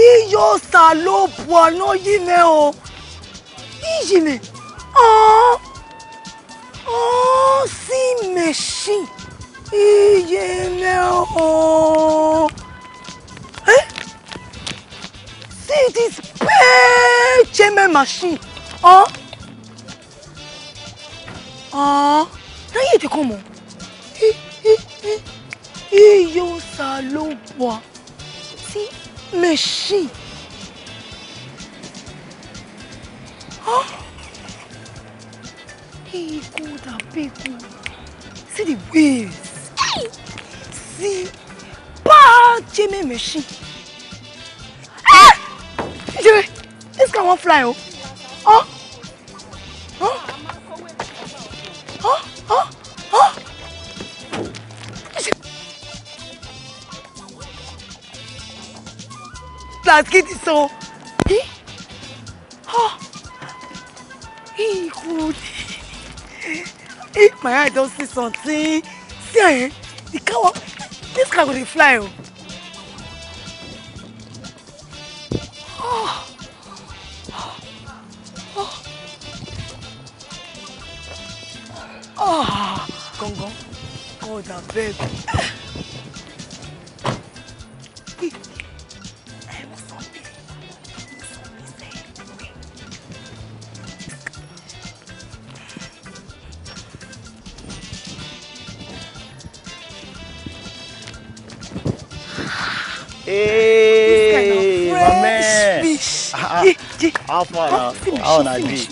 iyo salopua no yine o iyine o o si meshi iyine o eh see this pecheme machine o o na ye te komo iyo salopua machine. Huh? Hey, good and big. See the waves. Hey! See, bad Jimmy machine. Ah! Jimmy, this guy won't fly. Oh, oh. Laskiti so. Eh? Oh. Eh, good. Eh, my eye don't see something. See eh? The cow. This cow go fly o. Oh. Oh. Oh. Oh. Gong oh, God abeg. G. How far now? How na G?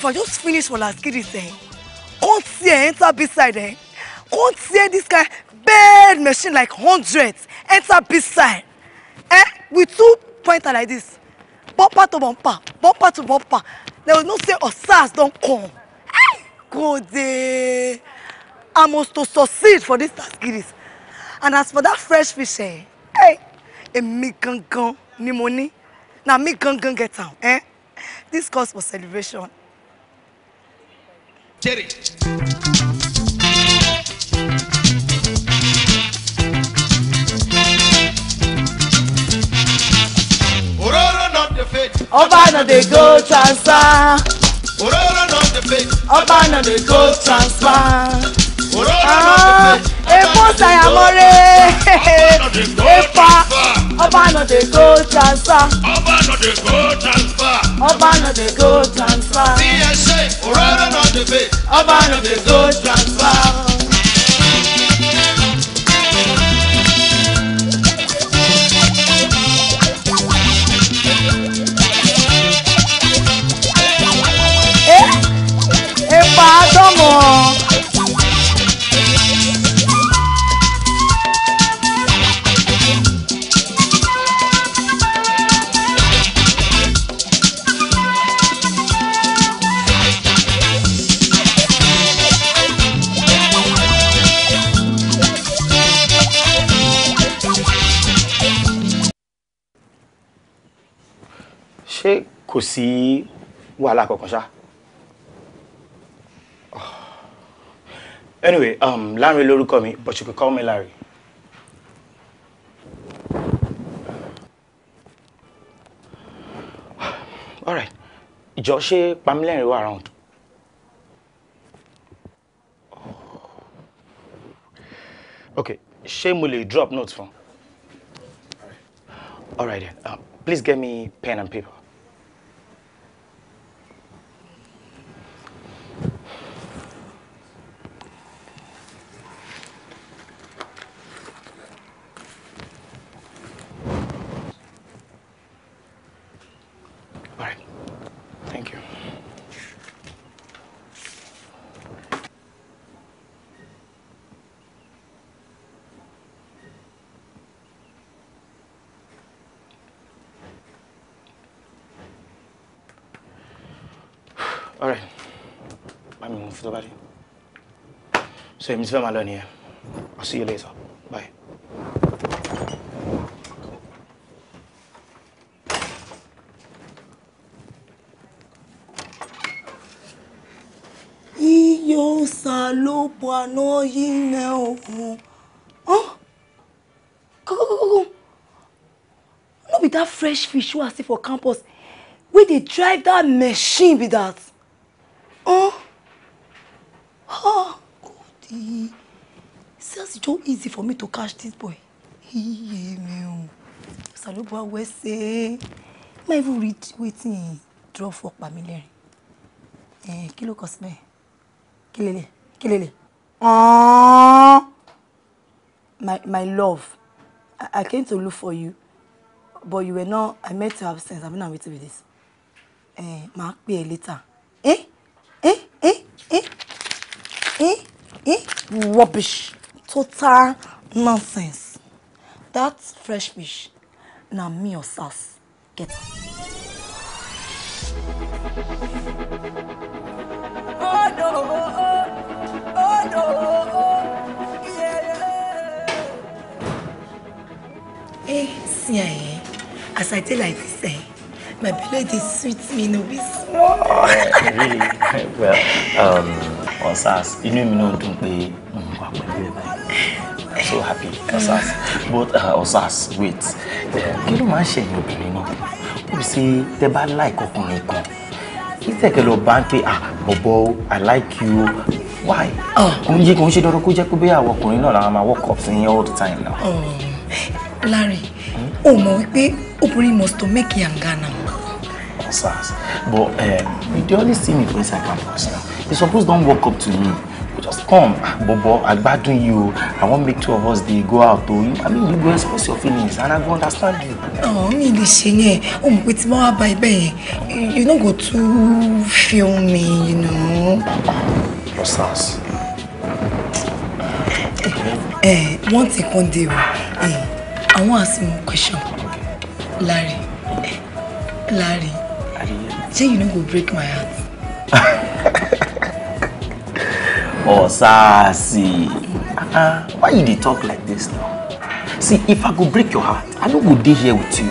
If I just finish what I skid is eh, can't see enter beside eh, can't see this guy bad machine like hundreds enter beside eh with two pointer like this bumper to bumper bumper to bumper they will know say osas oh, don't come hey kode i must to succeed for this taskiris and as for that fresh fish eh hey me gangan ni mo ní na me gangan get am eh this calls for celebration. jerry. Oba no dey go transfer. Ororo no dey pay. Oba no dey go transfer. Epo ah, sayamore, epa, ọba no dey go transfer. Ọba no dey go transfer. Ọba no dey go transfer. Tí ẹ ṣe òróró náà dèbè. Ọba no dey go transfer. sọ́mọ. ṣé kò sí wàhálà kankan ṣáá. anyway um, Larry lórúkọ mi but you could call me Larry. all right ìjọ ṣe pamílẹ́rìn wà round. okay ṣé mo lè drop note fún. all right then um, please get me pen and paper. fún tó bá so èmi ti fẹ́ máa I'll see you later bye. Iyo salopo ano yine ohun. Huh? Go, go, go, go. No be that fresh fish wey I see for campus. We dey drive that machine be that. for me to catch this boy. Iye mi o. Saloba we say. Not even read wetin draw for Pamilerin. Eh, kilo ló kọ síbẹ̀? Kí lélẹ̀? My my love, I, I came to look for you, but you were not. I met your absence. I'm not waiting with this. Eh, Mark, be a later. Eh? Eh? Eh? Eh? Eh? Eh? Rubbish total nonsense that fresh fish na me or sars get am. Oh, no, oh, oh. oh no, Hey, see, eh? as I tell like this, eh? My belly is sweet me no be small. Really? Well, um, you know me náà dùn pé I'm really I'm so happy, Osas. But uh, Osas, wait. Eh, kí ló máa ń ṣe ẹ̀yin obìnrin náà? Ó sì tẹ bá like ọkùnrin kan. Ìtẹ̀kẹ̀ lọ bá ń pè ah bọ̀bọ̀ I like you. Why? Ah, kò ń jẹ́ kò ń ṣe dandan kó jẹ́ pé bóyá àwọn ọkùnrin náà làwọn máa work up sí yín all the time now. Oh, Larry, hmm? o mọ̀ wípé obìnrin must to make yanga now. Osas, but um, you dey only see me for inside campus now. You suppose don work up to me just come bobo agbadun you i wan make two of us dey go out o i mean you go express your feelings and i go understand you. ọ̀hún mi lè ṣe yẹn ó mọ̀ pé tí wọ́n wá bá ibẹ̀ yẹn you no go too feel me you know. your stars. ẹ ẹ one thing kan dey o eh, i wan ask you one question Larry eh, Larry Say you no go break my heart. Osasi. Uh-uh. Why you dey talk like this now? See, if I go break your heart, I don't go be here with you.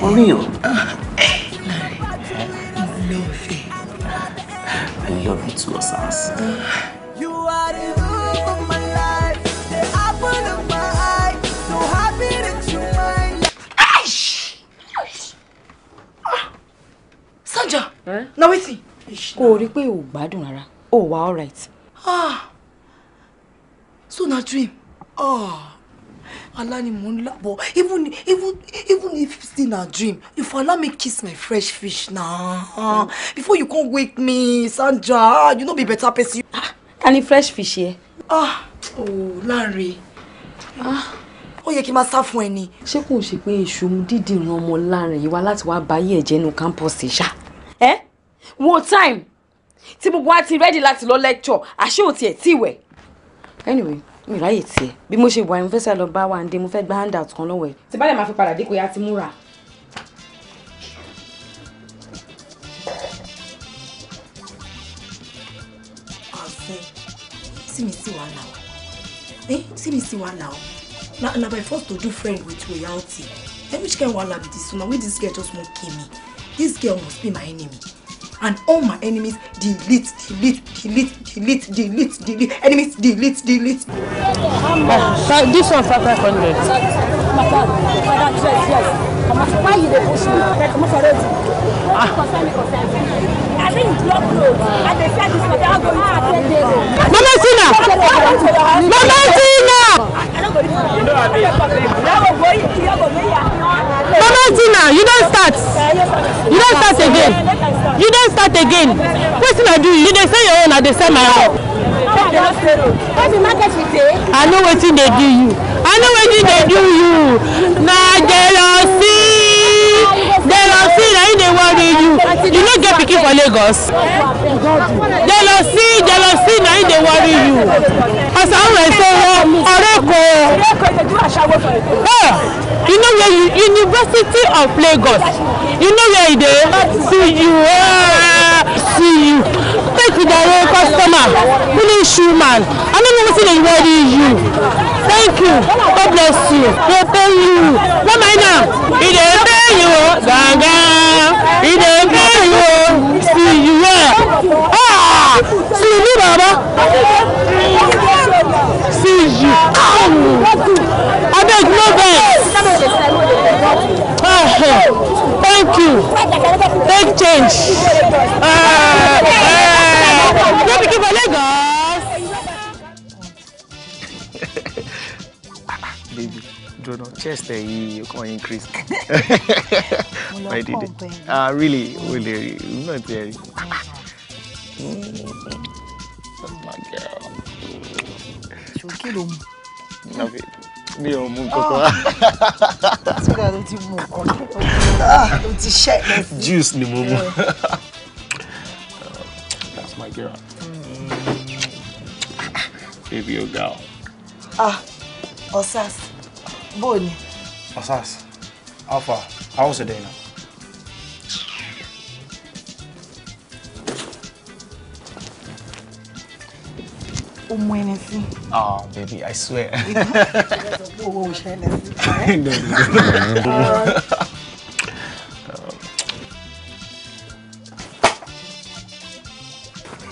For real. I love you. I love you too, Osasi. Uh. You are the love of my life, the apple of my eye, so happy that you mine. Aish! Ah. Sanja, eh? na wetin? Kò rí pé o gbádùn rárá. O wà alright ah so na dream ah àlá ni mò ń lá but even even even if still na dream if for allow me kiss my fresh fish now, ah. before you come wake me Sandra ah, you know be better person. ah ta ni fresh fish here? ah oh, Larry. ah ó yẹ kí n máa sá fún ẹ ni. ṣé kò ṣe pé ìṣòro dídì ran ọmọ Lanre yìí wá láti wá báyé ẹ̀jẹ̀ nu campus ṣá. ẹ eh? wo time tí gbogbo wa ti rẹ́dì láti lọ lecture àṣé ò tiẹ̀ tí ìwẹ̀. anyway mi ráyè tiẹ̀ bí mo ṣe wà mo fẹ́ sẹ́ lọ bá wa ń dé mo fẹ́ gba handout kan lọ́wọ́ ẹ̀. tí bá dẹ̀ máa fi padà dé kó yá ti múra. ọ̀sẹ̀ sí mi sí wàhálà o ẹ eh, sí mi sí wàhálà o na na by force to do friend with royalty ẹ which kind wahala be this una wey this girl just wan kill me this girl must be my enemy and all my enemies delete delete delete delete delete delete enemies delete delete. Uh, this one five hundred. why you dey push me like Mama Tina! Mama Tina! Mama Tina, you don't start. You don't start again. You don't start again. Wetin I do you? You dey sell your own, I dey sell my own. I know wetin dey do you. I know wetin dey do you. Na jealousy dem na see na im dey worry you you no get pikin for lagos jealousy jealousy na im dey worry you ọ̀sán ìṣòro oh, ọ̀rẹ́ kò. you know where you university of lagos you know where e dey see you ah, see you. Fidare customer, finish shoe man. I don't know what's in ready you. Thank you. God bless you. They pay you. What mind name? It is pay you. Ganga. It is pay you. See you there. Ah! See you, Baba. See you. I beg no thanks. Ah! Thank you. Take change. Uh, uh, no pikin for Lagos. baby dunu chest eh, ẹ yìí o kàn increase. my dede ah really Really? Not rí o náà ti ẹ rí. kí ló mú. Ah, mi ò mú kankan. sígbà tó ti mú kankan tó ti ṣẹ́ juice ni mo mú. Eh my girl. Baby, o girl. Ah, Osas, boni. Osas, alpha, How's the day now? ọmọ ah baby i swear. owó ṣẹlẹ̀ sí.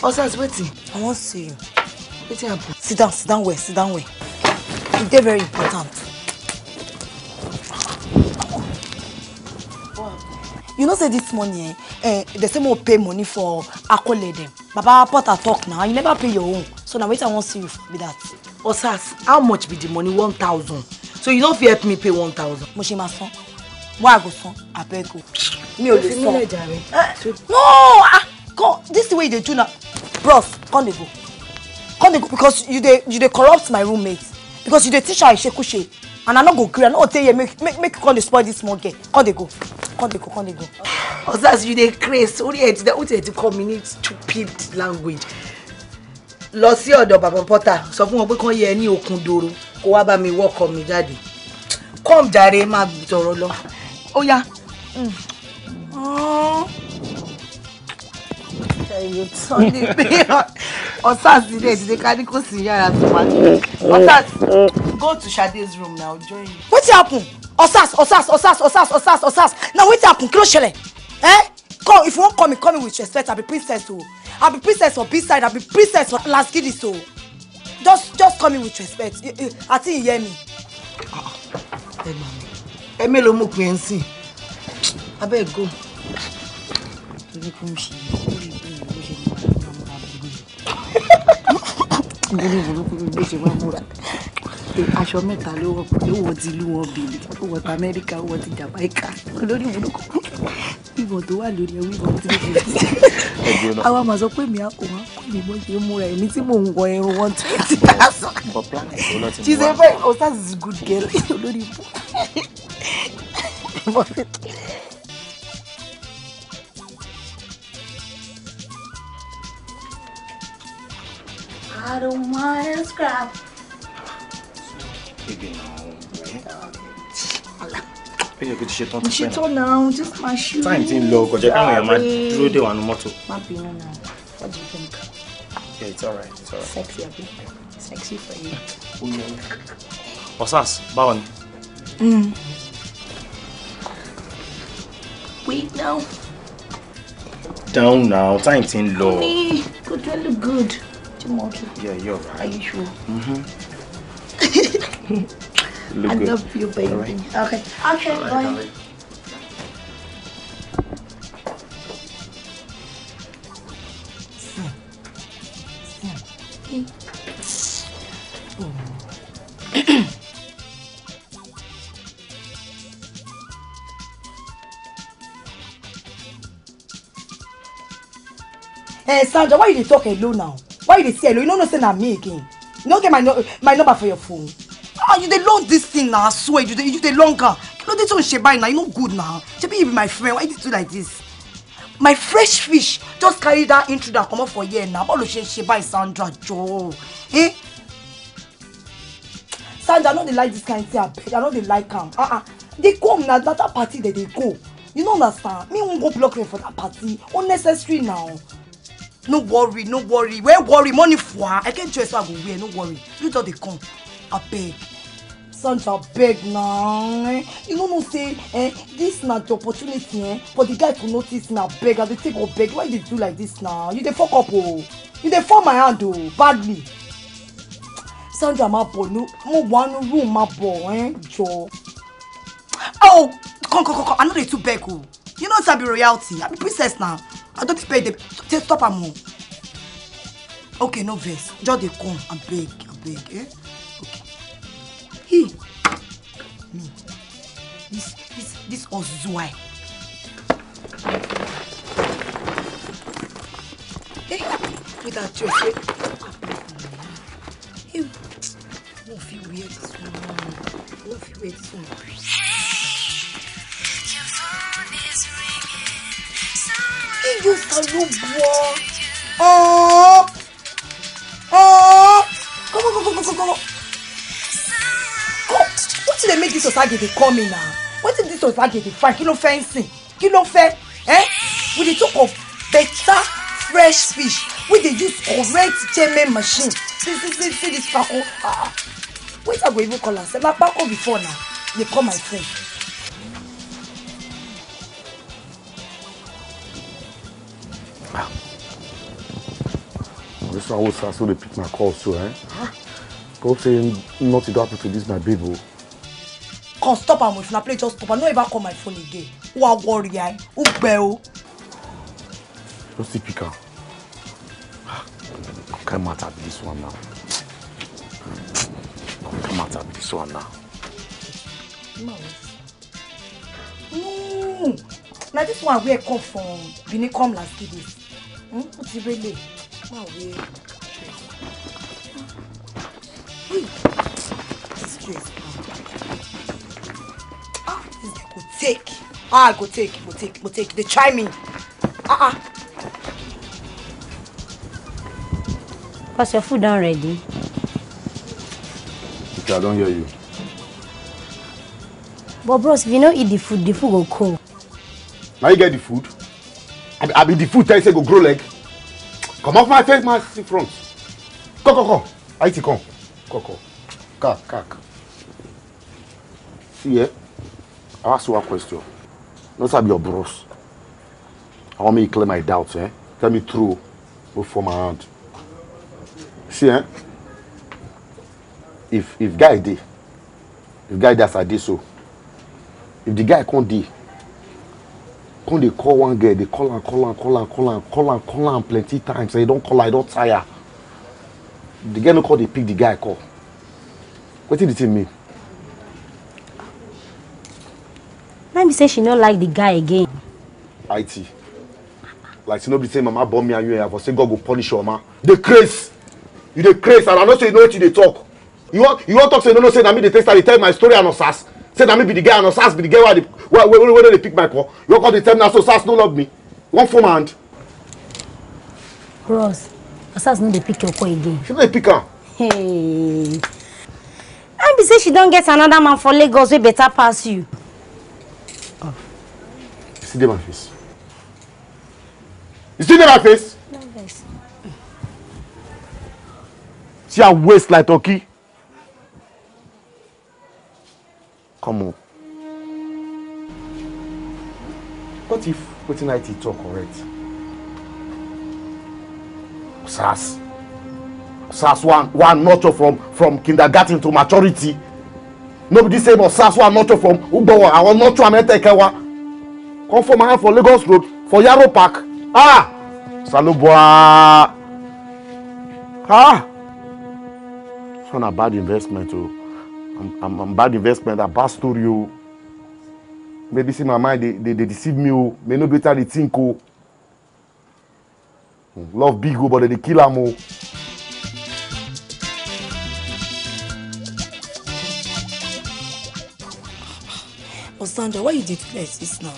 Osas, waiting. I want to see you. Wetin happen? Sit down, sit down where, sit down where. It's very important. You know say this money, eh, eh, they say more pay money for Akole dem. Baba Potter talk now, you never pay your own. So now wait. I wan see you for that. Osas, how much be the money? 1,000. So you no fit help me pay 1,000. Mo ṣe máa san. Wá àgò san, abeg o. Mi ò lè san. Eh, no! Ah, God, this way they do now bros come dey go come dey go because you dey you dey corrupt my roommate because you dey teach her isekushe and i no go gree i no go tell you make make make you come dey spoil this small girl come dey go come dey go come dey go. osas you dey craze orí ẹ ti dẹ ó ti ẹ ti communicate stupid language lọ sí ọ̀dọ̀ bàbá pọ́tà sọ fún wọn pé kán yẹ ẹ ní okun dòrò kó wá bá mi wọ́kọ̀ mi jáde kọ́m jàre máa tọrọ lọ ó yá. Mm ẹ̀yìn tán ní pé Osas, ilé ìdílé ká sí yàrá tó wà ní. go to Sade's room now join me. wetin happen ọ̀sàs ọ̀sàs ọ̀sàs ọ̀sàs ọ̀sàs ọ̀sàs na wetin happen kí ló ṣẹlẹ̀ eh? come if you wan call me call me with respect i be princess o oh. i be princess for big side i be princess for Lasgidis o just just call me with respect àti ìyẹ́ mi. Ah, ẹ mélòó mú pin ẹ ń sìn abeg go torí kò ń ṣe yìí. lórí burúkú bí bó ṣe wá múra aṣọ mẹ́ta ló wọ̀ ló wọ̀ ti ìlú wọn bèlè ó wọ̀ ti amẹ́ríkà ó wọ̀ ti jamaica lórí burúkú ìbọn tó wà lórí ẹwú ìbọn tí mo fi àwa máa sọ pé mi á kò máa pè mí bó ṣe múra ẹni tí mò ń wọ irun one twenty thousand she say fine osas is good girl lórí burúkú. I don't wanna scrap. Baby, no. Ó yẹ kó ti ṣetán ti pẹ́. Mo ṣetán náà, just my shoe. Táyì ti ń lọ kọjá káwọn èèyàn máa dúró dé wàánu mọ́tò. Má bínú náà, what do you think? Yeah, it's alright, it's alright. Sexy, abi? Sexy for you. Osas, báwo ni? Mm. Wait now. Down now, táyì ti ń lọ. Honey, kò jẹ́ look good. Chimoki. Yeah, you're right. Are you sure? Mm-hmm. Look I good. love you, baby. Right. Okay. Okay, bye. Right. Eh, Sandra, why you talking low now? why you dey see hello you no know say na me again you no get my my number for your phone. ah you dey love dis thing na swear you dey you dey long am You ló dé tó ń ṣe na you no good na shebi you be my friend why you dey do like this. my fresh fish just carry that intruder comot for here na bọ́ọ̀lù ṣe ń ṣe Sandra jọ̀ọ́. Eh? Sandra i no dey like this kind thing abeg i no dey like am ah ah dey come na that party dey dey go you no understand me wan go block them for that party unnecessary now no worry no worry Where worry money fwa i get dress so i go wear no worry you just dey come abeg sandra abeg na eh you no know say eh this na the opportunity eh for the guy to notice na abeg i dey take beg. why you dey do like this na you dey fok up o oh. you dey fall my hand o oh, badly sandra ma bọ no mo wà room ma bọ eh jọ. oh come come come come i no dey too beg o oh. you no sabi royalty i be princess na i don't expect them. dem say stop am o okay no vex just dey come abeg abeg eh okay he me this this this ozuai eh with her dress wey eh no fit wear this one no fit wear this one. you for you, boy. Oh! Oh! Come on, come on, come on, come on! Go! What did they make this society they call me now? What did this society they find? kilo ló kilo fair, Eh? With the talk of better fresh fish. with the use correct german machine. See, see, see, see this Paco. Ah, ah. Wait, I go even call her. Say, Paco before now. They call my friend. Mr. Osa, so they pick my call too, eh? God say nothing to happen to this my baby. Oh. Come stop am if na play just stop I don't ever call my phone again. Who are worry I? Eh? Who bell? Oh? Just see pick am. Can't matter be this one now. Can't matter be this one now. Mm. Now this one where come from? Bini come last this. Hmm? What's it really? far ah, go take. Ah, go take, go take, go take. They try me. Ah, ah. Cause your food done ready. Okay, I don't hear you. But bros, if you no eat the food, the food go cold. Now you get the food. I be, the food tell you say go grow leg. Like comot my face my front kọkọkọ it come kọkọ kak kak see eh i ask you one question no sabi your bros i wan make you clear my doubt eh tell me true no form my hand see eh if if guy dey if guy dey as i dey so if the guy come dey come dey call one girl dey call am call am call am call am call am call am plenty times and e don call am e don tire the girl no call dey pick the guy call wetin the thing mean. na me say she no like the guy again. it like say no be say mama born me and you and for say god go punish your mama dey craze you dey craze and i know say you know wetin you dey talk you wan you wan talk say you no know say na me dey taste i dey tell my story and sass say na me be the guy and na be the guy wey wey wey wey dey pick my call you call dey tell me na so sars no love me one form hand. ross na sars no dey pick your call again. she no dey pick am. Hey. i be say she don get another man for lagos wey better pass you. Oh. you still dey my face you still dey my face. No, see her waist like turkey. Come up. What if what putting IT talk, correct? SAS. SAS one, one nurture from, from kindergarten to maturity. Nobody say but SAS one nurture from I Ugbowo, àwọn nurture Ametekewa. Come for my hand for Lagos Road, for Yarrow Park. Ah! Salubwa! Ah! It's not a bad investment, too. Oh. I'm and, bad investment I bad story o maybe say my mind dey dey dey deceive me o may no be wetin i dey think o love big o but dem dey kill am o. osanda why you dey do like this now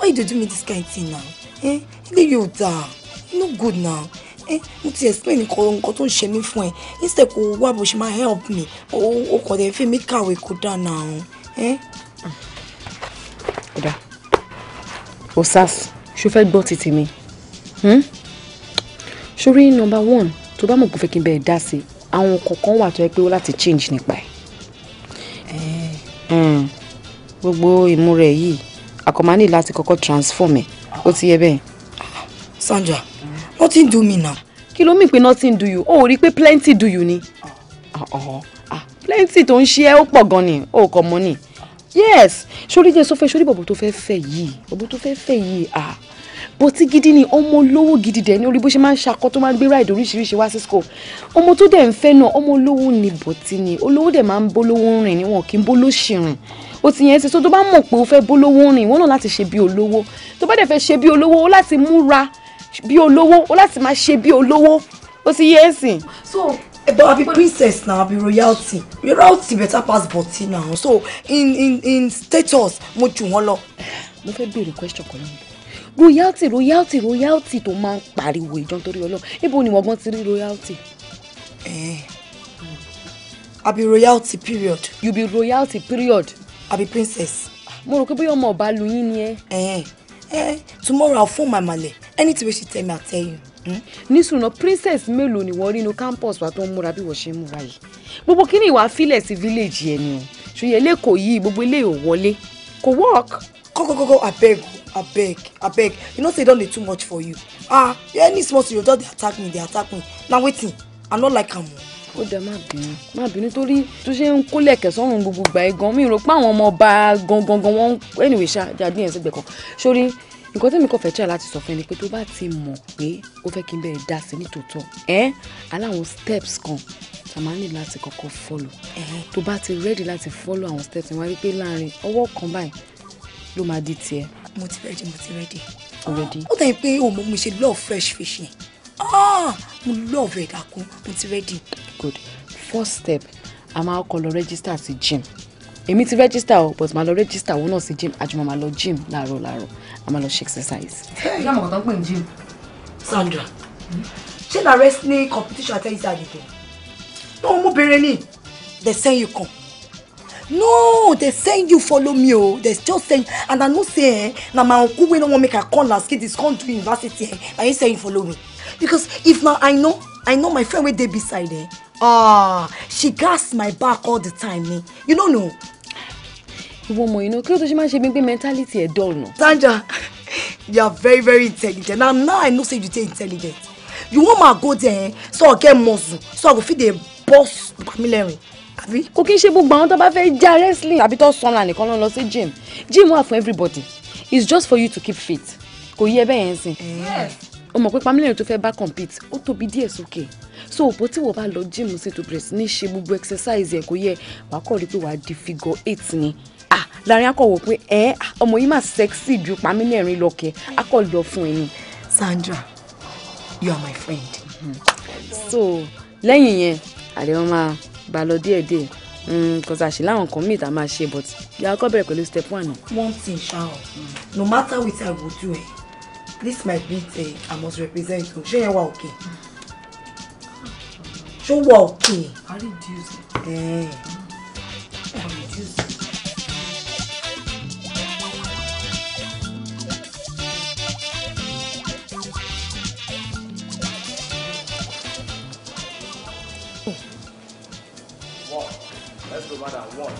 why you dey do me this kind of thing now eh e dey you down e no good now ẹ eh, mo ti explain nǹkan tó ń ṣe mí fún ẹ instead kò wá bó ṣe máa help me o kò dé fi mí kàwé kó dáná ọ̀hún. Eh? ọ̀dà osas ṣo fẹ́ gbọ́ títí mi sórí hmm? nọ́mbà one tó bá mọ̀ kó fẹ́ kí n bẹ̀rẹ̀ dá sí àwọn kọ̀ọ̀kan wà tó yẹ pé ó láti change nípa ẹ̀ eh. hmm. gbogbo ìmúra ẹ̀ yìí àkọ́mọ́ ní láti kọ́kọ́ transform ẹ̀ ó ti yẹ bẹ́ẹ̀. Sanja nothing do me now. kí ló mì pé nothing do you o ò rí i pé plenty do you ni. Ah, ah, ah, plenty tó ń ṣe ẹ́ ó pọ̀ gan ni o kò mọ̀ ni yes sórí jẹ́ sọ́fẹ́ sórí bọ̀bọ̀ tó fẹ́ fẹ́ yìí bọ̀bọ̀ tó fẹ́ fẹ́ yìí ah bó ti gidi ni ọmọ olówó gidi dẹ̀ ní orí bó ṣe máa ń ṣakọ tó máa ń gbé ráìdì oríṣiríṣi wá sí school ọmọ tó dẹ̀ ń fẹ́ náà ọmọ olówó ni bọ̀tí ni olówó dẹ̀ máa ń bólówó rìn ni wọn kì í bólóṣì rìn ó ti yẹn ti so tó bá mọ̀ pé o fẹ́ bólówó rìn wọn náà láti ṣe bí olówó tó bá dẹ̀ fẹ́ ṣe bí olówó láti múra bí olówó o láti máa ṣe bí olówó ó ti yé ẹ̀sìn. so but be princess na Be royalty royalty better pass body na so in in in status mo jù wọ́n lọ. mo fẹ́ béèrè question kan lọ́wọ́ royalty royalty royalty tó máa ń pariwo ìjọ nítorí ọlọ́run níbo ni wọ́n gbọ́n ti rí royalty. Eh. I be royalty period. you be royalty period. I be princess. mo rò pé bóyá ọmọ ọba lu yín ni ẹ. Eh. Eh. tomorrow I'll phone my male anything wey she tell me i tell you. Hmm? nísùnà princess mélòó ni wọ́n rí inú campus wa tó ń múra bí wọ́n ṣe ń múra yìí gbogbo kí ni ìwà filẹ̀ sí village yẹn ni o ṣùgbọ́n lẹ́kọ̀ọ́ yìí gbogbo ilé ò wọlé kò work. kọ́kọ́kọ́kọ́ abeg abeg abeg you know say e don dey too much for you ah any small thing you just dey attack me dey attack me na wetin i no like am o ó dá má bínú má bínú torí tó ṣe ń kólẹ̀ kẹsàn-án gbogbo gbà ẹ gan mi rò pé àwọn ọmọ ọba gangan wọn anyway ṣá jáde yẹn sí gbẹ̀kan sórí nǹkan tẹ́mi kò fẹ́ tíra láti sọ fún ẹni pé tó bá ti mọ̀ pé ó fẹ́ kí n bẹ̀rẹ̀ dá sí nítòótọ́ aláwọn steps kan tá a máa ní láti kọ́kọ́ follow tó bá ti ready láti follow àwọn steps wọn wípé láàrin ọwọ́ kan báyìí ló máa di tiẹ̀. mo ti ready mo ti ready. already. ó dàbí pé òun mo ṣe love fresh fish yẹn ah, mo love ẹ̀ dàkún mo ti ready. good first step a máa kọ́ lọ register sí gym èmi ti register o but màá lọ register òun náà sí gym àjùmọ̀ màá lọ gym láàárọ̀ láàárọ̀ a máa lọ ṣe exercise. ṣé àmọ̀ tó ń pè ní gym. Sandra ṣé na rest competition àti ẹ̀yìn àdìgbò náà mo bèrè ni. they send you come no they send you follow me o oh. they still send and i know say eh, na my uncle wey no wan make i come last kid is come do university eh, na him send you follow me because if na i know i know my friend wey dey beside eh, ah she gas my back all the time eh, you no know. No? ìwọ ọmọ inú kí ló tó ṣe máa ṣe bí pé mentality ẹ̀ dull nù. Sanja you are very very intelligent na now I know say you dey intelligent you wan ma go there eh? so I get muscle so I go fit dey boss pamilẹrin àbí. kò kí n ṣe gbogbo àwọn tó bá fẹ́ já wrestling àbí tó sanra nìkan ló ń lọ sí gym gym wà fún everybody it's just for you to keep fit kò yẹ bẹ́ẹ̀ yẹn sìn. o mọ̀ pé pamílẹ̀rìn tó fẹ́ bá compete ó tóbi díẹ̀ sókè so òpó tí wọ́n bá lọ gym sí to press ní ṣe gbogbo exercise yẹn kò yẹ wàá kọ́ rí pé wàá di figure eight ni ah láàrin akọ̀wò pé ẹ ah, ọmọ yìí mà sexy ju pamílẹ̀rin lọ́kẹ́ akọ̀lọ́ fún ẹni. Sandra you are my friend. Mm-hmm. so lẹ́yìn yẹn àlẹ́ wọn máa bá lọ díẹ̀díẹ̀ kọ́sà mm, ṣe láwọn nǹkan míì tá a máa ṣe but yà á kọ́ bẹ̀rẹ̀ pẹ̀lú step one one thing ṣá no matter wetin i go do eh, this my beat i must represent o ṣé yẹn wà òkè ṣó wà òkè. i reduce Eh. i reduce One. Let's go back at one.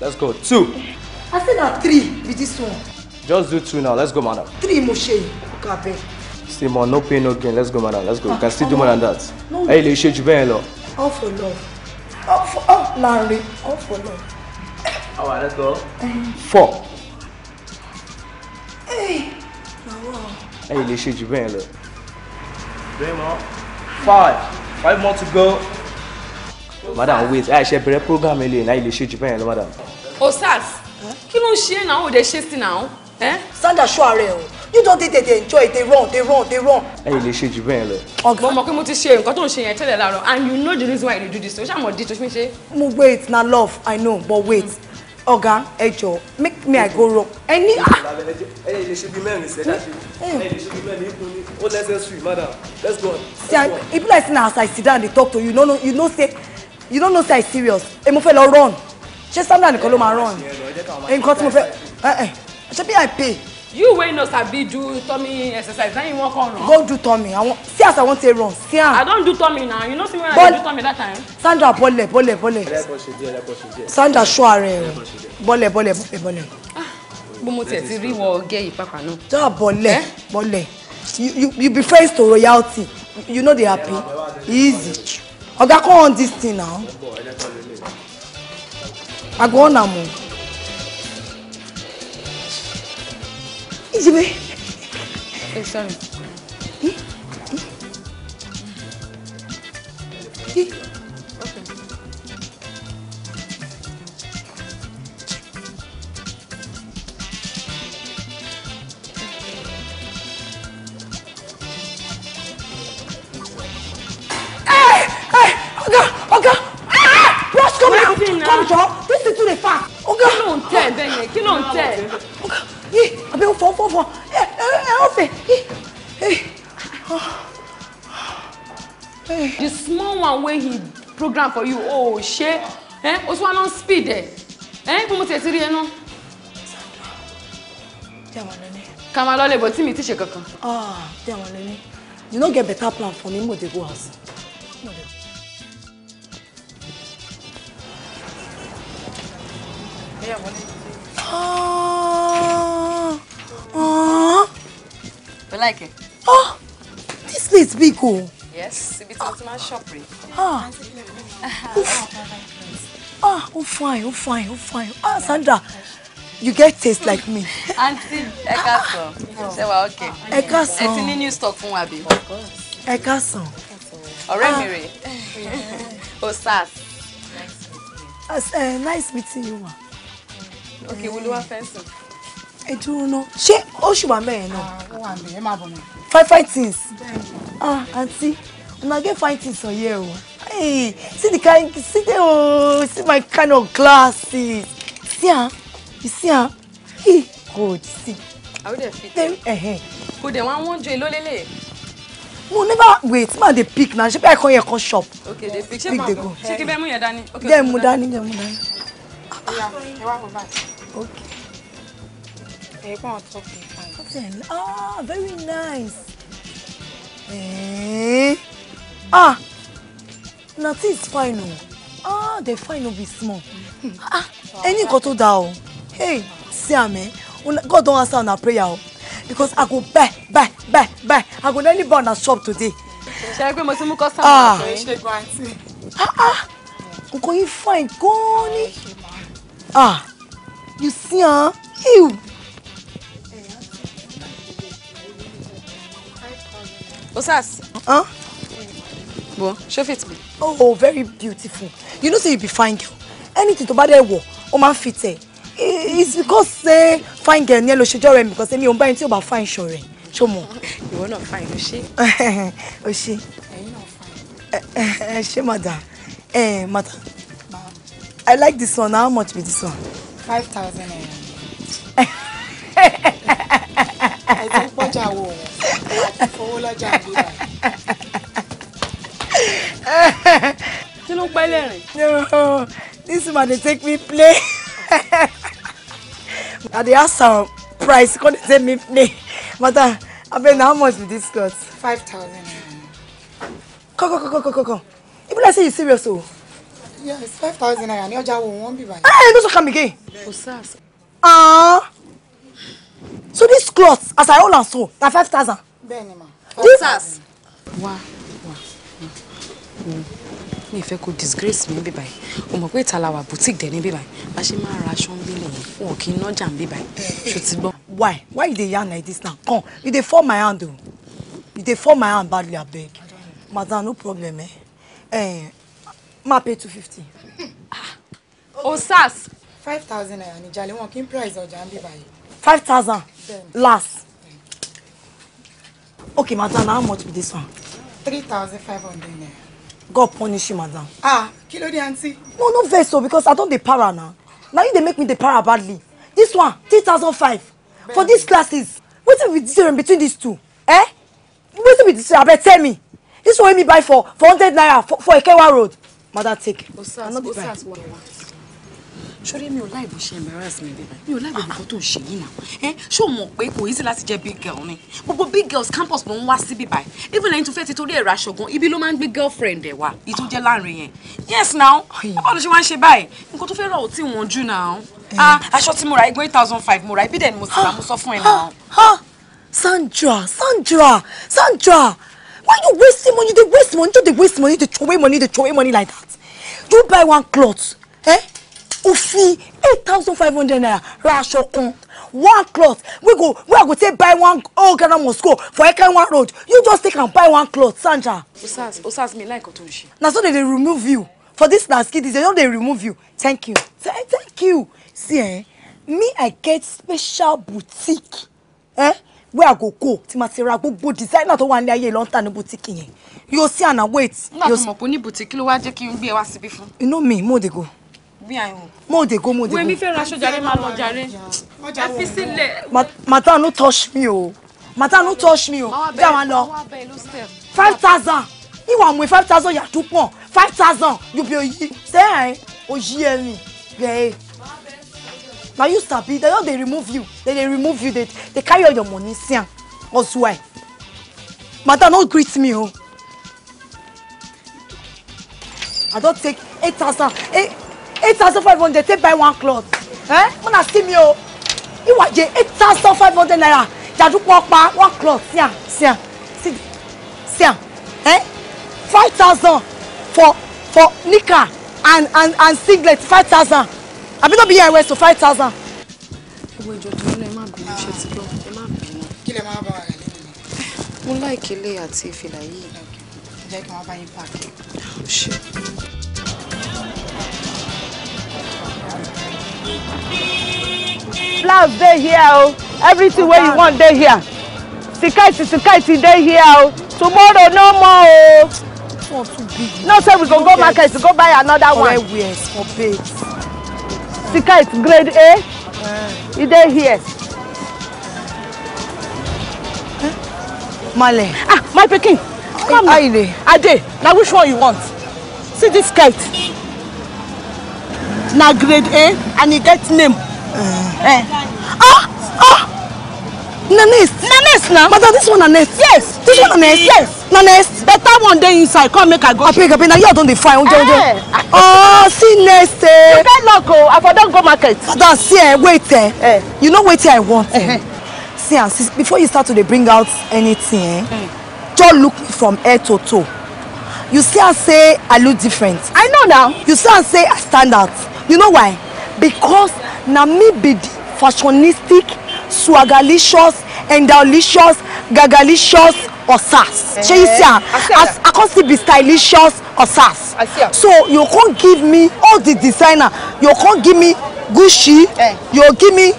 Let's go. Two. I said na three be this one. Just do two now. Let's go, man. Three mo Okay. See Simon, no pain, no gain. Let's go, man. Let's go. Ah, you can still do more than that. No. Hey, le ṣe jù bẹ́ẹ̀ lọ. All for love. Larry, go for it. All right, let's go. Four. Hey, Hey, lè ṣe jù bẹ́ẹ̀ lọ. Five. Five more to go. Madam wait, àìṣe bẹ̀rẹ̀ program eléyìí náà lè ṣe jù bẹ́ẹ̀ lọ, madam. Oh, kí ló you ṣe é náà? Ó now? ṣe sí show, Sandra you don dey dey enjoy they run they run they run. ẹ lè ṣe you bẹ́ẹ̀ lọ. ọ̀gá ọmọ pé mo ti ṣe nǹkan tó ń ṣe yẹn and you know the reason why you do this So, I'm not di tó fi ṣe. wait na love i know but wait ọ̀gá ẹ jọ make me i go wrong. Any. Ah! ní. ẹ lè ṣe bí mẹ́rin ṣẹ́dá ṣe eh. ẹ lè ṣe bí mẹ́rin ikun ni ó madam let's go on. see i e be like as i sit down dey talk to you no know you know say you don't know say I'm serious e mo fẹ́ lọ run ṣé sandra nìkan ló máa run nǹkan tí mo Hey, eh, eh. ṣé bí i pay you wey no sabi do tummy exercise Then you wan come run. go do tummy i wan see as i wan take run see am. i don do tummy na you know see when i dey do tummy that time. sandra bọ́lẹ̀ bọ́lẹ̀ bọ́lẹ̀ sandra show ara ẹ bọ́lẹ̀ bọ́lẹ̀ bọ́lẹ̀ bọ́lẹ̀. bó mo tiẹ̀ ti rí wọ gẹ́ yìí pàpà náà. sandra bọ́lẹ̀ eh? bọ́lẹ̀ you you be friends to royalty you no dey happy easy oga come on this thing now i go on am o. Ìjìbẹ́. Ẹ sọ̀rọ̀. Ah! Come, Joe. This is too fast. Oga. Kí ló ń tẹ̀ bẹ́yẹn? Kí àbí the small one wey he program for you Oh ṣe o tún wá lọ speed ẹ bí mo ti ẹ̀ ti rí ẹ náà. ká máa lọ lè bọ̀ tí mi ti ṣe kankan. ah jẹ́ àwọn lẹ́ni you no get better plan for me mo dey go house. ah. You like it? Oh, this place big o. Oh. Yes, it's a bit ti máa ń shop rè. Ah. ah, oh fine, oh fine, oh fine. Ah, Sandra, you get taste like me. Auntie, ẹ káàsán. Ṣé wàá okay? Ẹ káàsán. Ẹ ti ní new stock fún wa bí? Ẹ káàsán. Ọ̀rẹ́ mi ah. rè. O oh, sars. Eh, nice meeting you. ma. Okay, we'll do our fẹ́ ẹ dúró ná ṣé ó ṣùgbọ́n mẹ́rin náà. Ah, ó wà mí ẹ má bọ̀ mí. five five things ah aunty una get five things for here o hey see the kind see the oh see my kind of glasses see am you see am he good, see. àwọn ọdẹ fi tẹ kò dẹ̀ wọ́n á wọ́n ju èlò lélẹ̀ mo never wait ma dey pick na ṣe pe ẹkan yẹ kan shop okay dey pick ṣe ma ṣe kí bẹ́ẹ̀ mú yẹn dání. bẹ́ẹ̀ mú dání bẹ́ẹ̀ mú dání. ẹ okay. They go and talk in French. What's Ah, very nice. Eh? Ah! Nati is fine o. Ah, the fine o be small. Ah, any nkan tó dáa o. Hey, see am eh? God don't answer our prayer o. Because I go buy, buy, buy, buy. I go nearly buy a shop today. Shall I go mo ti mú Ah? ọ̀sẹ̀ ṣe granti? find, go. Ah, you see am? Huh? Ew. Osas. Huh? Bo, show fit me. Oh, very beautiful. You know say you be fine girl. Anything to buy there wo? ó máa fit eh? It's because say fine girl ni ẹ lọ ṣe because mi ò ń buy ẹni tí ò bá fine ṣọ̀rẹ́. Ṣo mọ̀? Ìwọ náà fine, o ṣe. O ṣe. Ẹ̀yin náà fine. Ẹ eh, eh, eh, ṣe madam. Ẹ I like this one. How much be this one? Five thousand naira. I think ń pọ́jà wo fowó lọ́jà àdúrà. kí ló ń pẹ́ lẹ́rìn. this man dey take me play i dey ask am price come dey take me play madam abeg uh, na how much be this cloth. five thousand. come come come come come come e be like say you serious o. Oh. yes five thousand naira ní ọjà wo wọn bí báyìí. ẹ ah, ẹ eh, no so calm again. kò sáà sọ. Ah so this cloth as i hold am so na five thousand. bẹ́ẹ̀ni ma four sars. wá wá mi fẹ́ kó disgrace me, baby. yìí o mọ̀ pé ìtàláwà boutique dẹ̀ ní bíbá yìí bá ṣe máa ra aṣọ ń gbé nìyẹn wọn why why you dey yarn like this now come you dey fall my hand o you dey fall my hand badly abeg madam no problem eh eh ma pay two fifty. Ah. Oh, sas. five thousand naira ní jalè wọn kì í price ọjà ń bíbá five thousand last okay madam how much be this one. three thousand five hundred naira. god punish you madam. ah kilo ló aunty. no no vex o oh, because i don dey para now na you dey make me dey para badly this one three thousand five for these classes wetin be the difference between these two eh wetin be the difference abeg tell me this one wey me buy for for hundred naira for for Ekewa road madam take i no be buy sori mi ò láì bó ṣe embarrass mi bíbá mi ò láì bèbí kan tó ń ṣe yìí náà ẹ ṣé o mọ̀ pé kò easy láti jẹ́ big girl ni gbogbo big girls campus ló ń wá sí bíbá even ẹni tó fẹ́ ti torí ẹ̀rọ aṣọ gan ibi ló máa ń gbé girlfriend ẹ̀ wá èyí tó jẹ́ láàrin yẹn yes now báwo ló ṣe wá ń ṣe báyìí nǹkan tó fẹ́ rà ò tí wọ́n jù náà ah aṣọ tí mo rà igun eight thousand five mo rà ibi dẹ̀ ni mo ti rà mo sọ fún ẹ náà. Sandra Sandra Sandra why you waste money dey waste money just dey waste money dey away money dey away money like that you buy one cloth eh? o fi eight thousand five hundred naira ra aṣọ kan one cloth wey go wey i go take buy one whole ghana moscow for ekenwa road you just take am buy one cloth sanja. osas osas mi like ọtún ṣe. na so dem dey remove you for this na skit dem don dey remove you thank you thank, thank you see eh me i get special boutique eh, wey i go go tí ma ti ra gbogbo designer tó wà ní ayé lọ́ńtà ní boutique yẹn you go see am wait. nígbà tó mọ̀ pé ní boutique ló wá jẹ́ kí n gbé e wá síbí fún. you know me mo dey go bí àìhùn. mo de go mo de go. wẹ́mi fẹ́ ra aṣọ jàre máa lọ jàre. ẹ fi sílẹ̀. mata no touch me o mata no touch me o jẹ́ àwọn lọ five thousand ìwà àwọn five thousand yàtú pọ̀ five thousand you be oyi sẹ́yìn oyi ẹ̀ mi bẹ́ẹ̀ na you sabi they don dey remove you they dey remove you they they carry all your money see am that's why madam no greet me o i don take eight thousand eight thousand five hundred take buy one cloth eh una see me o iwaje eight thousand five hundred naira jadupo pa one cloth see am see am see see eh five thousand for for nika and and and singlet five thousand àbí no be here west to five thousand. owó ìjọba ilé má bínú ṣe ti gbọ́ ẹ má bínú. kí lè máa bá wa rà lẹ́nu. mo láìkí ilé àti ìfìlà yìí. jẹ́ kí wọ́n bá yín pààkì. Blouse dey here o. Oh. Everything wey you want dey here. Sikaiti sikaiti dey here o. Oh. Tomorrow no more oh. o. No say we go go market to go buy another one. Correct wears for babes. Sikaiti grade A. Eh. E dey here. Male. Ah, my pikin. Come. I eh, Ade, now which one you want? See this kite na grade a and e get name eh, eh. ah ah na nest na nest na madam this one na nest yes this one na nest yes na nest better one dey inside come make i go happy ah, happy na here don dey fry ounjẹ ounjẹ oh eh. ah, see nest eh you get luck o oh. i for don go market Father, see eh wait eh, eh. you know wetin i want eh. eh. see am ah, see before you start to dey bring out anything eh mm. just look me from head to toe you see am say i look different i know now you see am say i stand out you know why because na me be the fashionistic swagalicious endolicious gagalicious osas shey you see am as i come still be stylicious osas so you come give me all the designer you come give me gucci eh. you give me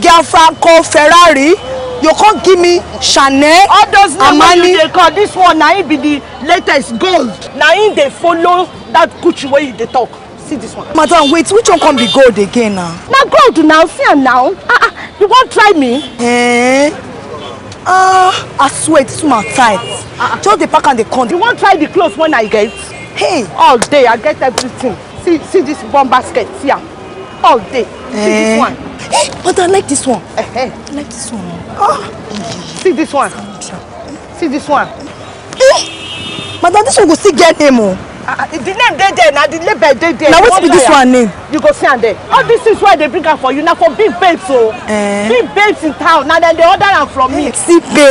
giafranco ferrari you come give me chanel amani all those names you dey call this one na im be the latest gold na im dey follow that gucci wey you dey talk see this one. madam wait which one come be gold again now? Now gold now see am now ah ah you won't try me. Eh? ah i swear this woman tight uh -uh. just dey pack and the come. you won't try the cloth when i get. hey all day i get everything see see this one basket see am all day see this eh? one. Hey, but I like this one. Eh, -huh. Eh. I like this one. Ah, See this one. See this one. Eh? Madam, this one will still get him. Oh the name dey there now the label dey there na wetin be this one name you go see and there all this is why they bring her for you now for big babes o oh. eh? big babes in town now then dey order am from me. sipe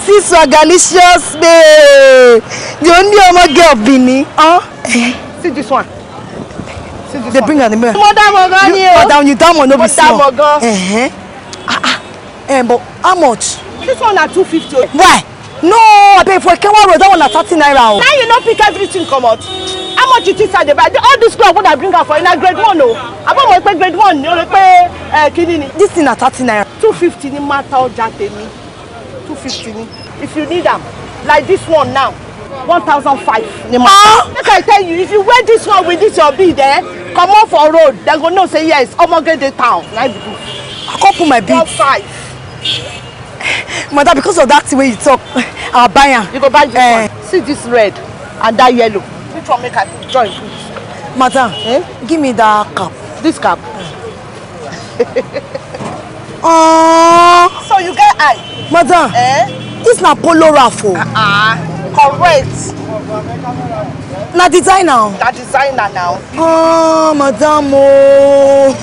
si swagalicious babe the only omoge of benin. Eh? see this one they bring her the mail. mo down you down ni o. ọ̀dà òyìn dá mọ̀ no be small. mo dá mọ but how much. this one at two fifty. why. No, babe, for Kewa Road, that one at 30 naira. Now you no pick everything come out. How much you think I dey buy? All this cloth what I bring out for in a grade one o. Àbọ̀ mo pe grade one You o pay. pé eh, kíní This thing na 30 naira. 250 ni mata ọjà tèmi. 250 ni. If you need them, like this one now, 1,005 ni mata. Ah! Make I tell you, if you wear this one with this you'll be eh, there. Come comot for road, dem go know say yes, Omogede town, na be good. I come put my bead. 1,500. Mother, because of that way you talk, I'll buy am. You go buy this uh, one. See this red and that yellow. Which one make I join put? Madam, eh? give me that cap. This cap? Oh. so you get eye? Mother, eh? this na Polo Ralph. Uh-uh. Correct na designer. na designer now. oh madam ooo.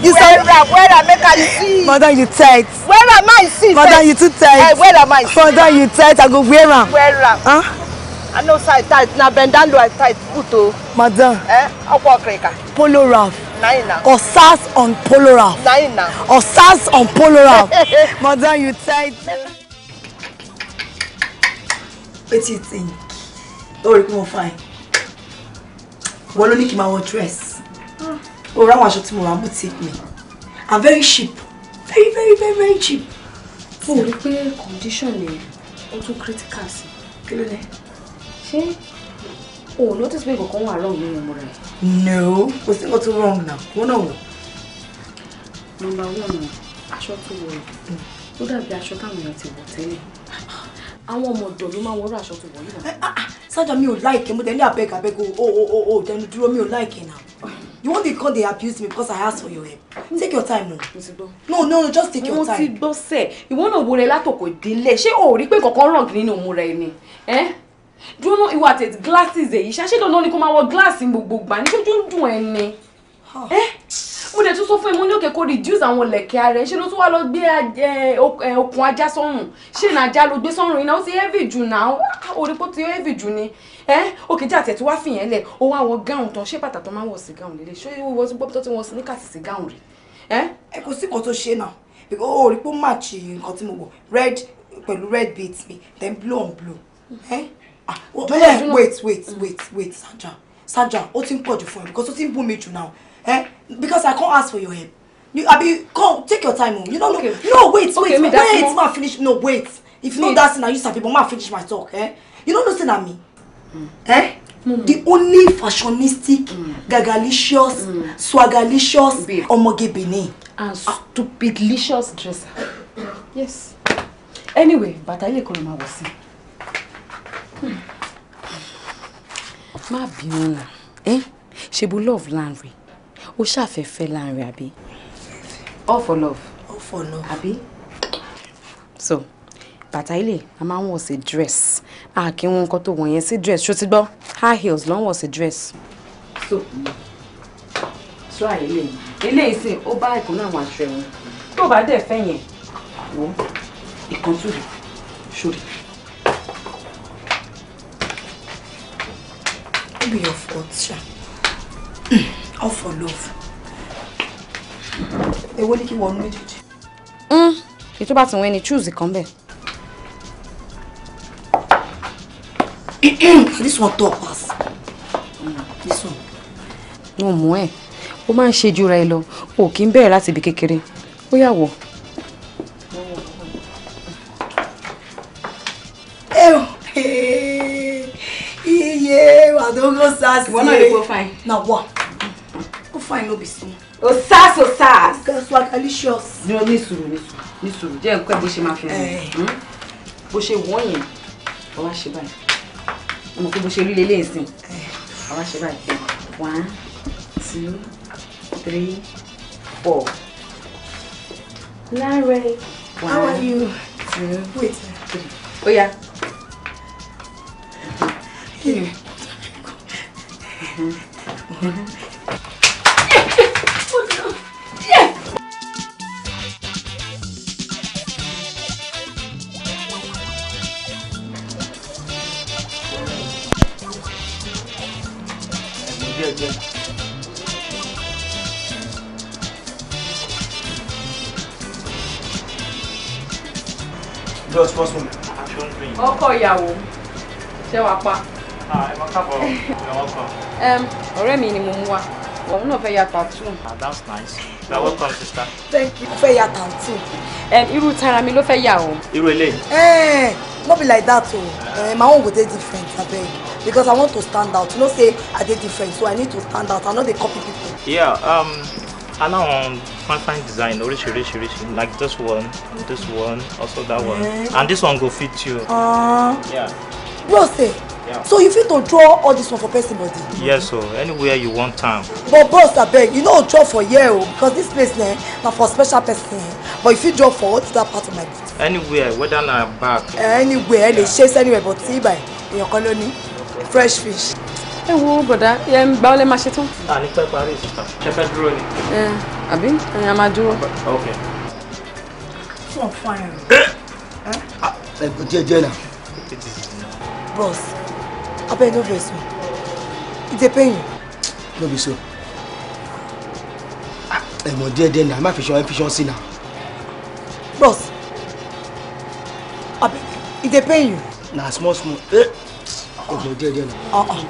you sabi wera wera make i see. madam you tight. wera ma i see. madam you too tight. Hey, wera ma i see. madam you tight i go wear am. wear am. Huh? i know say i tight na bend down low i tight put o. madam. Eh? ọkọ kirika. polo raf. Naina. Osas on Polo Polora. Naina. Osas on Polo Polora. Madam, you tight. What you think? Oh, it's more fine wọ́n ló ní kí n máa wọ dress o ra àwọn aṣọ tí mo ra boutique mi i'm very cheap very very very very cheap. mo rí pé condition yẹn ó tún critical sí. kí ló dé. ṣé o notice pé kankan wà wrong nínú ọmọ rẹ. no kò sí nǹkan tó wrong now wọn náà wọ. number one aṣọ tó wọ ọ ó dàbí aṣọ táwọn èèyàn ti wọ tẹ́lẹ̀ àwọn ọmọ ọ̀dọ́ ló máa ń wọrọ aṣọ tó wọ yìí náà. sájà ah, ah, mi ò láìkẹ́ mo tẹ́lẹ̀ abeg abeg o o o o dẹnu dúró mi ò láìkẹ́ now you wan dey come dey abuse me because i ask for your help take your time no. no no no just take your time. mo ti gbọ́ sẹ́ ìwọ náà wo rẹ látòkò délẹ̀ ṣé o rí pé kankan ràn nínú òmùra ẹni dúró náà ìwà àti glasses èyí ṣáṣẹ́ dandan ni kó máa wọ gíláàsì gbogbo gbà ní ṣojú ń dùn ẹni. Ah mo dẹ̀ tún sọ fún ẹ mo kó reduce àwọn lẹ̀kẹ́ ara ṣe ló tún wá lọ gbé okùn ajá sọ́rùn ṣé ìnà ajá ló gbé sọ́rùn iná ó ti heavy jù náà ah, orí pé ti heavy jù ni òkè jẹ́ àtẹ̀tí wá fìyẹn lẹ̀ ó wá wọ gáùn tán ṣé bàtà tó máa ń wọ̀ sí gáùn lélẹ̀ ṣé ó wọ sí gbọ́pítọ́ tí wọ́n sí ní kàtìsí gáùn rẹ̀ ẹ. kò sí nǹkan tó ṣe náà ó rí pé ó match nǹkan tí mo wọ̀ red pẹ̀lú red beat mi then blue on blue. Ah, wait wait wait wait Sanja Sanja ó ti ń pọ̀jù fún ẹ because ó ti ń bú mi jù náà eh? because I can't ask for your help. You, I mean, come, take your time. Home. Oh. You don't okay. know. No, wait, wait, okay, wait. wait ma finish. No, wait. If not that thing, I use to But Ma finish my talk. Eh? You don't listen at me. Mm. Eh? Mm. The only fashionistic, mm. gagalicious, mm. swagalicious, omoge bini, And ah. stupidlicious dresser. yes. Anyway, but I kan ló wasi. Ma sí. Hmm. eh? She náà. love land ó ṣàfẹ́fẹ́ láàrin àbí. all for love. all for love. àbí. so bàtà ilé a máa ń wọ̀ sí dress a kì í wọn nǹkan tó wọ̀ yẹn sí dress ṣó ti gbọ́ high heels ló ń wọ̀ sí dress. so sọ àyè lè ilé ìsìn ó bá ìkùnà àwọn aṣọ ẹ̀wọ̀n tó bá dẹ̀ fẹ́ yẹn wò ìkàntú rẹ̀ sórí. ó bìyàn fọ́ tíṣà all for love. The èwo ni kí wọnú méjèèjì. ètò hmm, bá ti wọ́n ẹni choose come back. this one talk us. Hmm, this one. No more. ẹ ó máa ń ṣe jura ẹ lọ o kì í bẹ̀rẹ̀ láti ibi kékeré ó yà wọ̀. iye wà tó ń kó sars yé. ìwọ náà lè kó na wà fine ló bì sí. o sars o sars. gaswa ní o ní sùúrù ní sùúrù ní nǹkan bó ṣe máa fi hàn eh. hmm? bó ṣe wọ́n yẹn wọ́n wá ṣe báyìí ọmọ pé bó ṣe rí lélẹ́yìn sí wọ́n wá ṣe báyìí one two three four. Larry. How are you? Wait. Three. Oh yeah. Two. jẹ. just first one. ọkọ ìyàwó Ah, I'm a couple. You're welcome. Um, mú wa òun náà fẹ́ ya tattoo. Ah, that's nice. you welcome sister. thank you. mo fẹ́ Um, tattoo. irú tara mi ló fẹ́ yà o. irú eléyìí. Eh, no be like that o eh, my own go dey different beg because I want to stand out. You know, say I did different, so I need to stand out. I know they copy people. Yeah, um, I know aláwọn um, fine fine design rich, rich, rich. like this one this one also that one mm. and this one go fit you. Uh, yeah. bro say yeah. so you fit to draw all this one for person body. yes o so anywhere you want am. but boss, I beg, you know, draw for you oh, because this place ne eh, not for special person eh. but if you draw for what that part of my body. anywhere whether I'm back. anywhere ẹ lè ṣe anywhere but tí ibà èèyàn kan ló fresh fish. ẹ wo bọ̀dá ẹ ń gbà ọ́ lẹ́ máa ṣe tán. a ní pẹ́ parí ìsìta ẹ fẹ́ dúró ni. ẹ àbí ẹ̀yin a máa dúró. ok. fún ọ̀fọ̀ ẹ̀rọ. ẹ kò jẹ́ jẹ́ náà. bros abeg no vex me e dey pain you. no be so ẹ̀mọ̀ díẹ̀ díẹ̀ náà má fi ṣan ẹ fi ṣan sí náà. bros abeg e dey pain you. na small small. Eh ọgbọ uh. náà.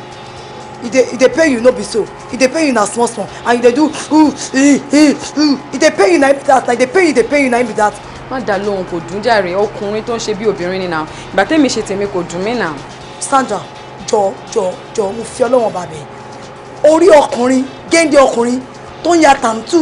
e dey e dey pain you no be so e dey pain you na small small and you dey do ooh ee eh, ee eh, ooh e dey pain you na be that Like, e dey you dey pain you na be that. má dá lóhùn kò dùn jàre ọkùnrin tó ń ṣe bí obìnrin ni náà ìgbà tẹ́mi ṣe tèmi kò dùn mí náà. Sandra jọ jọ jọ mo fi ọlọ́wọ́n bàbẹ̀ orí ọkùnrin géńdé ọkùnrin tó ń ya tàǹtù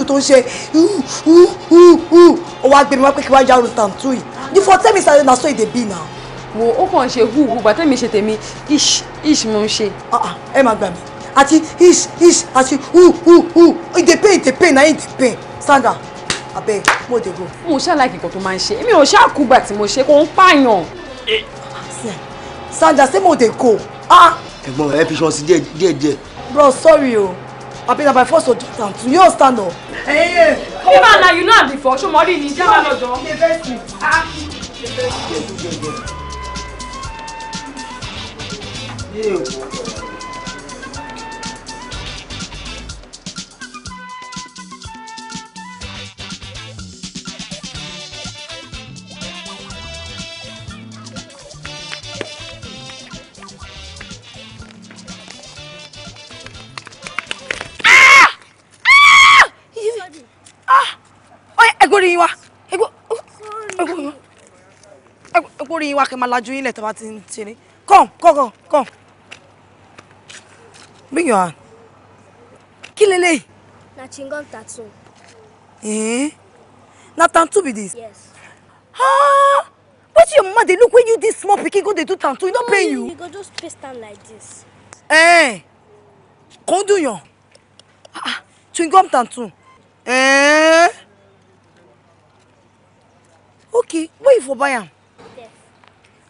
Ooh, ooh, ooh, ó wá gbé mi wá pé kí wá yàrá tàǹtù yìí you for tell me say na so e dey be now wo ó kàn ṣe hùhù bàtẹ́ mi ṣe tèmi ish ish mo ń ṣe. Ah, ah, ẹ máa gbà mí àti ish ish àti hu hu hu it dey pain it pain na it dey pain stand up mo dey go. mo ṣàlàyé nǹkan tó máa ń ṣe èmi ò ṣàkúgbà tí mo ṣe kó ń pààyàn. Eh. sanga say mo dey go. Ah! ẹ̀gbọ́n ẹ fi ṣan sí díẹ̀ díẹ̀. bro sorry o abeg na my first audition too you understand o. Eh, eh, bíbá na you know am before ṣùgbọ́n rí ni jẹ́ bá lọ́jọ́ orí wa kí n máa lajú yín lẹ̀ tó bá ti ń ṣeré kàn kàn kàn kàn yan kí leléyìí. na chingom tattoo. Eh? na tattoo be this. yes. ah but your mama dey look when you this small pikin go dey do tattoo e no pain you. you go just paste am like this. Eh? kò do dùn yàn ah, ah chingom tattoo. Eh? okay where you for buy am.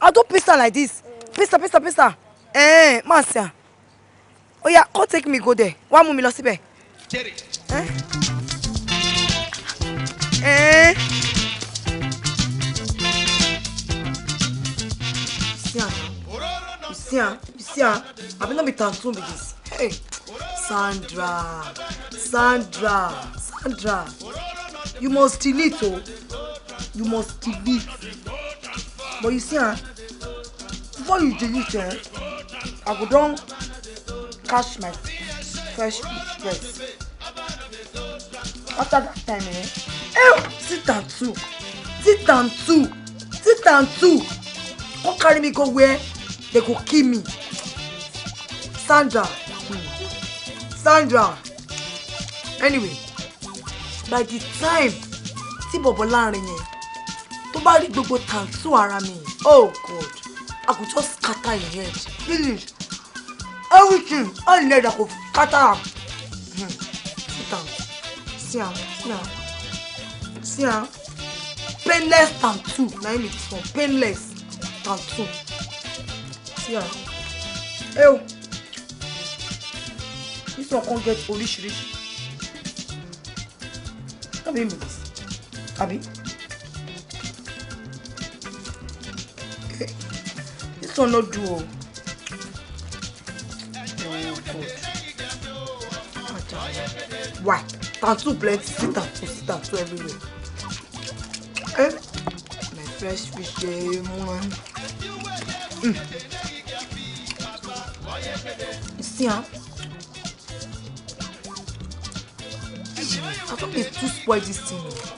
i don paste am like this. Mm. paste am paste am paste am. Eh, ma see am. Oh yeah, go take me go there wá mú mi lọ síbẹ̀. Sian, Sian, abi no be tattoo be this. Hey, Sandra, Sandra, Sandra, you must delete oh, you must delete. But you see, ah, before you delete, eh, I go don catch my fresh express. After that time, eh? Ew! Sit down too! Sit down too! Sit down too! Come carry me go where they go kill me. Sandra. Hmm. Sandra. Anyway, by the time tí bọ̀bọ̀ láàrin yẹn tó bá rí gbogbo tàǹtù ara mi oh god I could just scatter your head. Finish everything all naira go scatter am sit down see ya. see ya. see ya. painless tattoo na im it for painless tattoo see ya. Hey, this one can't get oríṣiríṣi no be me abi this one no do o. why tattoo plenty see tattoo see tattoo everywhere eh my fresh fish dey mu mm. see Huh? I thought they too spoiled this thing.